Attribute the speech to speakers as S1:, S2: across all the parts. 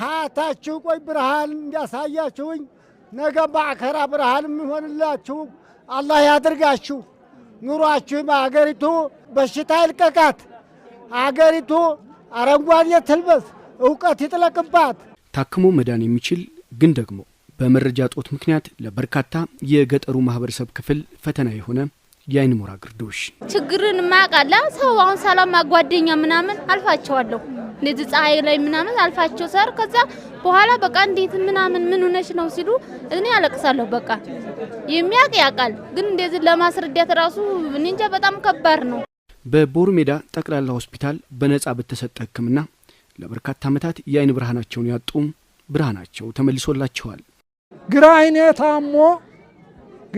S1: ሀታችሁ ቆይ ብርሃን እንዲያሳያችሁኝ ነገ በአከራ ብርሃን የሚሆንላችሁ አላህ ያድርጋችሁ። ኑሯችሁም አገሪቱ በሽታ ይልቀቃት። አገሪቱ አረንጓዴ ትልበስ። እውቀት ይጥለቅባት።
S2: ታክሞ መዳን የሚችል ግን ደግሞ በመረጃ ጦት ምክንያት ለበርካታ የገጠሩ ማህበረሰብ ክፍል ፈተና የሆነ የአይን ሞራ ግርዶሽ
S3: ችግርን ማቃላ ሰው አሁን ሰላም ማጓደኛ ምናምን አልፋቸዋለሁ እንደዚህ ፀሐይ ላይ ምናምን አልፋቸው ሰር ከዛ በኋላ በቃ እንዴት ምናምን ምን ሆነሽ ነው ሲሉ እኔ ያለቅሳለሁ። በቃ የሚያቅ ያውቃል፣ ግን እንደዚህ ለማስረዳት ራሱ እኔ እንጃ በጣም ከባድ ነው።
S2: በቦሩ ሜዳ ጠቅላላ ሆስፒታል በነጻ በተሰጠ ሕክምና ለበርካታ ዓመታት የአይን ብርሃናቸውን ያጡ ብርሃናቸው ተመልሶላቸዋል።
S4: ግራ አይኔ ታሞ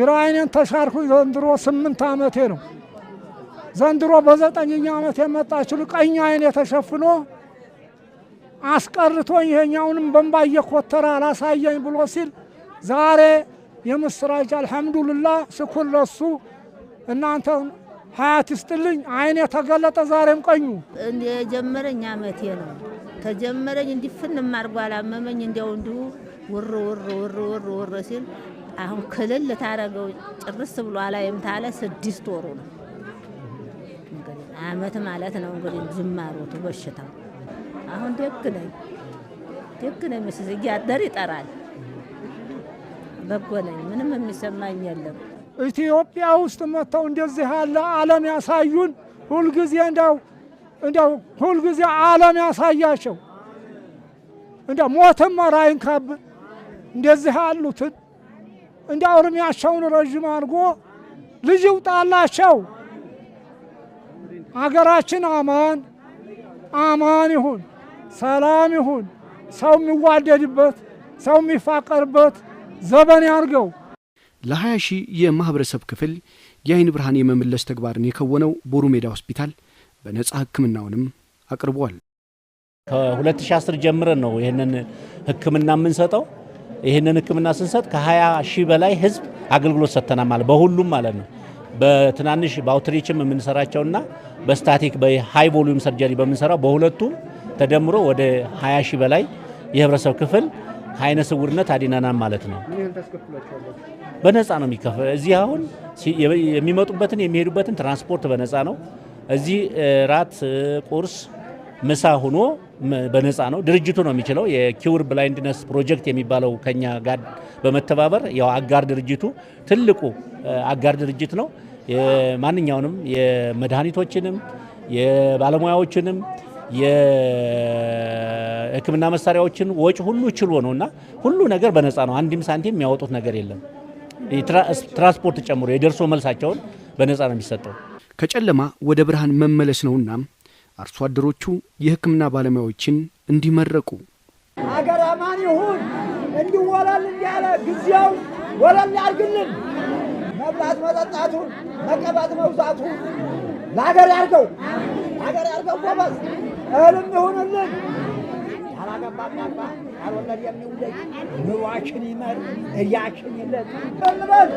S4: ግራ አይኔን ተሻርኩ። ዘንድሮ ስምንት ዓመቴ ነው። ዘንድሮ በዘጠኝኛ ዓመት የመጣችሉ ቀኝ አይኔ ተሸፍኖ አስቀርቶ ይሄኛውንም በንባ እየኮተረ አላሳየኝ ብሎ ሲል ዛሬ የምስራጅ አልሐምዱልላ ስኩር ለሱ እናንተ ሀያት ይስጥልኝ። አይን የተገለጠ ዛሬም ቀኙ
S5: የጀመረኝ አመቴ ነው። ተጀመረኝ እንዲፍን ማርጎ አላመመኝ። እንዲያው እንዲሁ ውር ውር ውር ውር ውር ሲል አሁን ክልል ታረገው ጭርስ ብሎ አላይም ታለ ስድስት ወሩ ነው አመት ማለት ነው እንግዲህ ጅማሮቱ በሽታው አሁን ደግ ነኝ ደግ ነኝ ምስል እያደር ይጠራል። በጎ ነኝ፣ ምንም የሚሰማኝ የለም።
S4: ኢትዮጵያ ውስጥ መጥተው እንደዚህ ያለ ዓለም ያሳዩን ሁልጊዜ እንደው እንደው ሁልጊዜ ዓለም ያሳያቸው እንደ ሞትም ካብ እንደዚህ ያሉትን እንደ እድሜያቸውን ረዥም አድርጎ ልጅ ይውጣላቸው። አገራችን አማን አማን ይሁን። ሰላም ይሁን። ሰው የሚዋደድበት፣ ሰው የሚፋቀርበት ዘበን ያርገው።
S2: ሺህ የማህበረሰብ ክፍል የአይን ብርሃን የመመለስ ተግባርን የከወነው ቦሩ ሜዳ ሆስፒታል በነጻ ሕክምናውንም አቅርቧል።
S6: ከ2010 ጀምረን ነው ይህንን ሕክምና የምንሰጠው። ይህንን ሕክምና ስንሰጥ ከ20 ሺህ በላይ ህዝብ አገልግሎት ሰጥተናል ማለት በሁሉም ማለት ነው። በትናንሽ በአውትሪችም የምንሰራቸውና በስታቲክ በሃይ ቮሉም ሰርጀሪ በምንሰራው በሁለቱም ተደምሮ ወደ 20 ሺህ በላይ የህብረተሰብ ክፍል ከአይነ ስውርነት አዲናናም ማለት ነው። በነፃ ነው የሚከፈ እዚህ አሁን የሚመጡበትን የሚሄዱበትን ትራንስፖርት በነፃ ነው። እዚህ ራት፣ ቁርስ፣ ምሳ ሆኖ በነፃ ነው። ድርጅቱ ነው የሚችለው። የኪውር ብላይንድነስ ፕሮጀክት የሚባለው ከኛ ጋር በመተባበር ያው አጋር ድርጅቱ ትልቁ አጋር ድርጅት ነው። ማንኛውንም የመድኃኒቶችንም የባለሙያዎችንም የሕክምና መሳሪያዎችን ወጪ ሁሉ ችሎ ነው እና ሁሉ ነገር በነፃ ነው። አንድም ሳንቲም የሚያወጡት ነገር የለም። ትራንስፖርት ጨምሮ የደርሶ መልሳቸውን በነፃ ነው የሚሰጠው።
S2: ከጨለማ ወደ ብርሃን መመለስ ነውና አርሶ አደሮቹ የሕክምና ባለሙያዎችን እንዲመረቁ
S7: አገር አማን ይሁን እንዲወለል እንዲያለ ጊዜው ወለል ያርግልን። መብላት መጠጣቱን መቀባት መውዛቱ ለአገር ያርገው፣ አገር ያርገው ጎበዝ እህልም ይሁንልን። ያላገባ አባ ያልወለድ ኑሯችን ይመር እያችን ይለት እንበል